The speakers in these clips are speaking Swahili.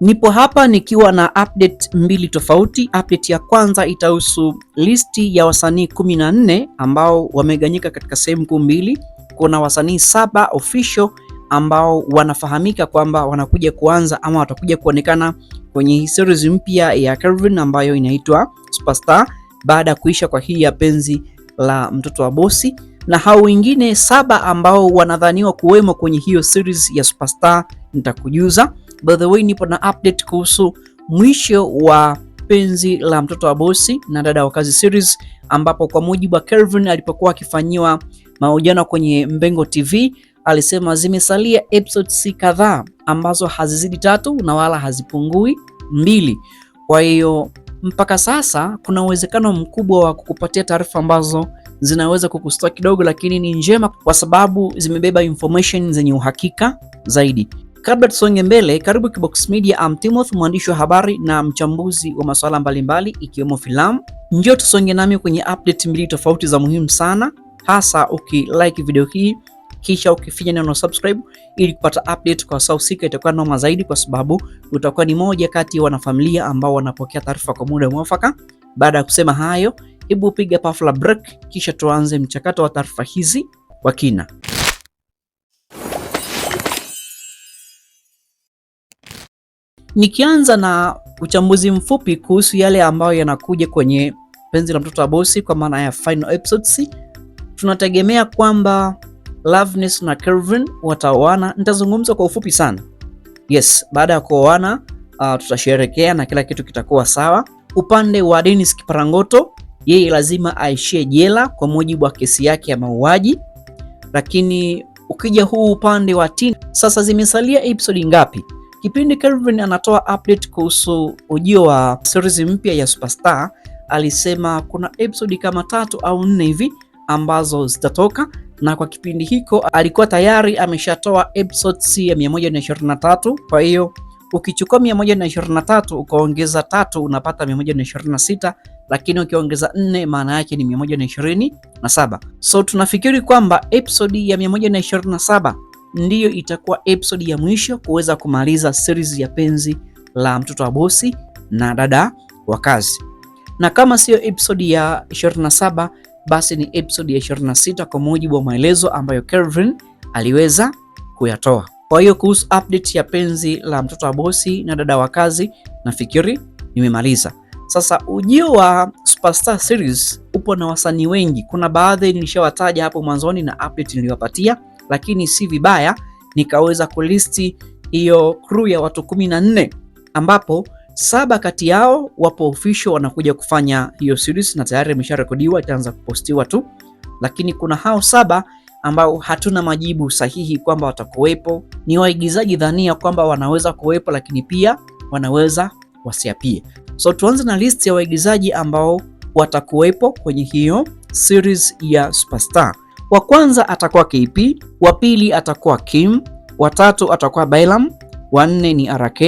Nipo hapa nikiwa na update mbili tofauti. Update ya kwanza itahusu listi ya wasanii 14 ambao wameganyika katika sehemu kuu mbili. Kuna wasanii saba official ambao wanafahamika kwamba wanakuja kuanza ama watakuja kuonekana kwenye series mpya ya Kelvin ambayo inaitwa Superstar baada ya kuisha kwa hii ya penzi la mtoto wa bosi na hao wengine saba ambao wanadhaniwa kuwemo kwenye hiyo series ya Superstar nitakujuza. By the way, nipo na update kuhusu mwisho wa penzi la mtoto wa bosi na dada wa kazi series, ambapo kwa mujibu wa Kelvin alipokuwa akifanyiwa mahojiano kwenye Mbengo TV alisema zimesalia episodes kadhaa ambazo hazizidi tatu na wala hazipungui mbili. Kwa hiyo mpaka sasa kuna uwezekano mkubwa wa kukupatia taarifa ambazo zinaweza kukustua kidogo, lakini ni njema kwa sababu zimebeba information zenye uhakika zaidi. Kabla tusonge mbele, karibu Kibox Media. I'm Timothy, mwandishi wa habari na mchambuzi wa masuala mbalimbali ikiwemo filamu. Njoo tusonge nami kwenye update mbili tofauti za muhimu sana, hasa ukilike video hii kisha ukifinya neno subscribe ili kupata update kwa saa husika, itakuwa noma zaidi, kwa sababu utakuwa ni moja kati ya wanafamilia ambao wanapokea taarifa kwa muda mwafaka. Baada ya kusema hayo Hebu piga pafla break, kisha tuanze mchakato wa taarifa hizi kwa kina. Nikianza na uchambuzi mfupi kuhusu yale ambayo yanakuja kwenye Penzi la Mtoto wa Bosi, kwa maana ya final episodes, tunategemea kwamba Loveness na Kelvin wataoana. Nitazungumza kwa ufupi sana. Yes, baada ya kuoana uh, tutasherekea na kila kitu kitakuwa sawa. Upande wa Dennis Kiparangoto yeye lazima aishie jela kwa mujibu wa kesi yake ya mauaji. Lakini ukija huu upande wa Tina, sasa zimesalia episodi ngapi? Kipindi Kelvin anatoa update kuhusu ujio wa series mpya ya Superstar, alisema kuna episodi kama tatu au nne hivi ambazo zitatoka, na kwa kipindi hiko alikuwa tayari ameshatoa episode ya 123 kwa hiyo Ukichukua 123 ukaongeza tatu unapata sita lakini ukiongeza 4 maana yake ni saba So tunafikiri kwamba episodi ya 127 ndiyo itakuwa episodi ya mwisho kuweza kumaliza series ya penzi la mtoto wa bosi na dada wa kazi, na kama siyo episodi ya 27 basi ni episodi ya 26 kwa mujibu wa maelezo ambayo Kelvin aliweza kuyatoa. Kwa hiyo kuhusu update ya penzi la mtoto wa bosi na dada wa kazi, nafikiri nimemaliza. Sasa ujio wa Superstar Series upo na wasanii wengi. Kuna baadhi nilishawataja hapo mwanzoni na update niliwapatia, lakini si vibaya nikaweza kulisti hiyo crew ya watu 14 ambapo saba kati yao wapo official wanakuja kufanya hiyo series na tayari imesharekodiwa, itaanza kupostiwa tu, lakini kuna hao saba ambao hatuna majibu sahihi kwamba watakuwepo. Ni waigizaji dhania kwamba wanaweza kuwepo, lakini pia wanaweza wasiapie. So tuanze na list ya waigizaji ambao watakuwepo kwenye hiyo series ya Superstar. Wa kwanza atakuwa KP, wa pili atakuwa Kim, wa tatu atakuwa Bailam, wa nne ni RK,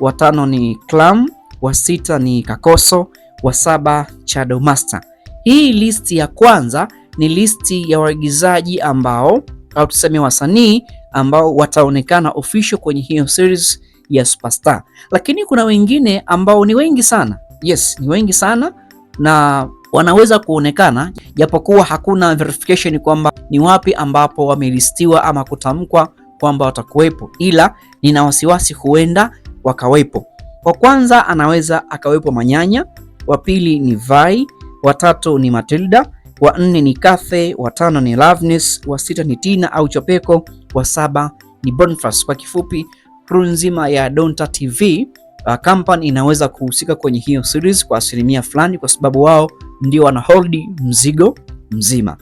wa tano ni Clam, wa sita ni Kakoso, wa saba Shadow Master. Hii listi ya kwanza ni listi ya waigizaji ambao au tuseme wasanii ambao wataonekana official kwenye hiyo series ya Superstar, lakini kuna wengine ambao ni wengi sana. Yes, ni wengi sana na wanaweza kuonekana japokuwa hakuna verification kwamba ni wapi ambapo wamelistiwa ama kutamkwa kwamba watakuwepo, ila nina wasiwasi huenda wakawepo. Kwa kwanza anaweza akawepo Manyanya, wa pili ni Vai, watatu ni Matilda wa nne ni Kathe, wa tano ni Lavnes, wa sita ni Tina au Chopeko, wa saba ni Bonfas. Kwa kifupi, crew nzima ya Donta TV uh, company inaweza kuhusika kwenye hiyo series kwa asilimia fulani, kwa sababu wao ndio wana holdi mzigo mzima.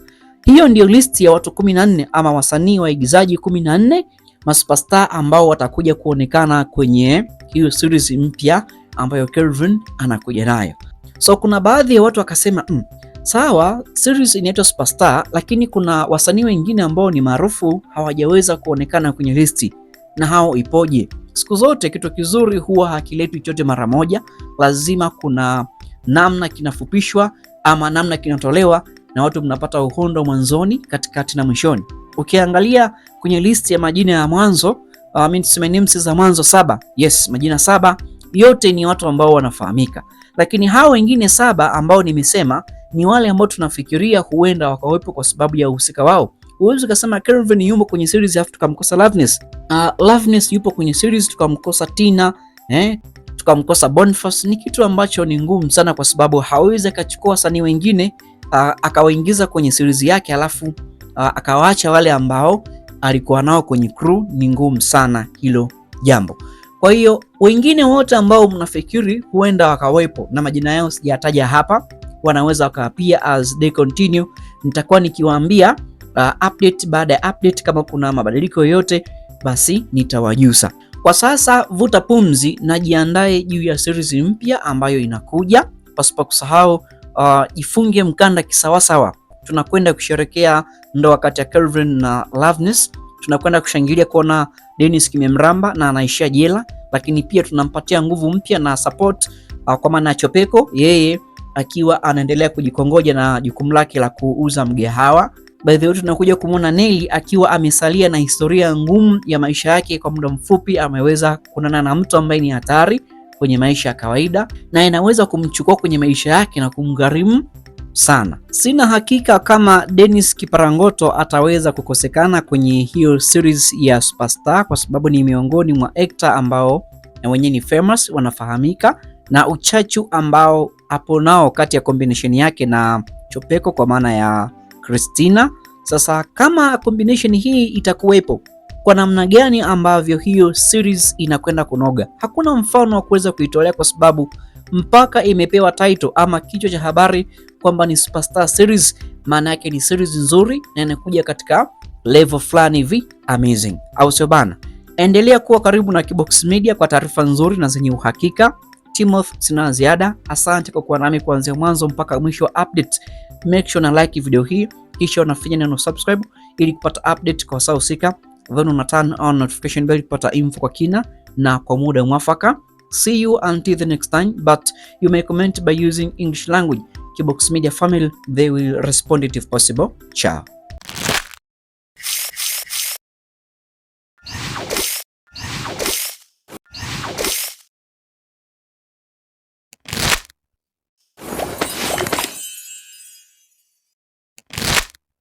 Hiyo ndio list ya watu 14 ama wasanii waigizaji 14 masuperstar ambao watakuja kuonekana kwenye hiyo series mpya ambayo Kelvin anakuja nayo. So kuna baadhi ya watu wakasema mm, Sawa, series inaitwa Superstar, lakini kuna wasanii wengine ambao ni maarufu hawajaweza kuonekana kwenye listi, na hao ipoje? Siku zote kitu kizuri huwa hakiletwi chote mara moja, lazima kuna namna kinafupishwa ama namna kinatolewa na watu mnapata uhondo mwanzoni, katikati na mwishoni. Ukiangalia kwenye listi ya majina ya mwanzo uh, names za mwanzo saba, yes, majina saba yote ni watu ambao wanafahamika, lakini hao wengine saba ambao nimesema ni wale ambao tunafikiria huenda wakawepo kwa sababu ya uhusika wao. Huwezi ukasema Kelvin yumo kwenye series afu tukamkosa Loveness. Uh, Loveness yupo kwenye series tukamkosa Tina, eh, tukamkosa Boniface. Ni kitu ambacho ni ngumu sana, kwa sababu hawezi akachukua wasanii wengine uh, akawaingiza kwenye series yake alafu uh, akawaacha wale ambao alikuwa nao kwenye crew. Ni ngumu sana hilo jambo. Kwa hiyo wengine wote ambao mnafikiri huenda wakawepo na majina yao sijataja hapa wanaweza wakaapia as they continue. Nitakuwa nikiwaambia uh, update baada ya update, kama kuna mabadiliko yoyote basi nitawajuza. Kwa sasa vuta pumzi na jiandae juu ya series mpya ambayo inakuja. Pasipo kusahau uh, mkanda kisawasawa. Tunakwenda kusherekea ndoa kati ya Kelvin na Loveness, tunakwenda kushangilia kuona Dennis kimemramba na anaishia jela, lakini pia tunampatia nguvu mpya na support uh, kwa maana ya Chopeko yeye akiwa anaendelea kujikongoja na jukumu lake la kuuza mgahawa. By the way, tunakuja kumwona Nelly akiwa amesalia na historia ngumu ya maisha yake. Kwa muda mfupi ameweza kukutana na mtu ambaye ni hatari kwenye maisha ya kawaida, na inaweza kumchukua kwenye maisha yake na kumgharimu sana. Sina hakika kama Dennis Kiparangoto ataweza kukosekana kwenye hiyo series ya Superstar kwa sababu ni miongoni mwa actor ambao na wenyewe ni famous, wanafahamika na uchachu ambao hapo nao kati ya combination yake na Chopeko kwa maana ya Christina. Sasa kama combination hii itakuwepo kwa namna gani ambavyo hiyo series inakwenda kunoga, hakuna mfano wa kuweza kuitolea kwa sababu mpaka imepewa title ama kichwa cha habari kwamba ni Superstar series, maana yake ni series nzuri na inakuja katika level fulani hivi amazing, au sio bana? Endelea kuwa karibu na Kibox Media kwa taarifa nzuri na zenye uhakika. Timoth. sina ziada. Asante kwa kuwa nami kuanzia mwanzo mpaka mwisho wa update. Make sure na like video hii kisha unafinya neno subscribe ili kupata update kwa saa husika, then una turn on notification bell kupata info kwa kina na kwa muda mwafaka. See you until the next time, but you may comment by using English language. Kibox Media family, they will respond it if possible. Ciao.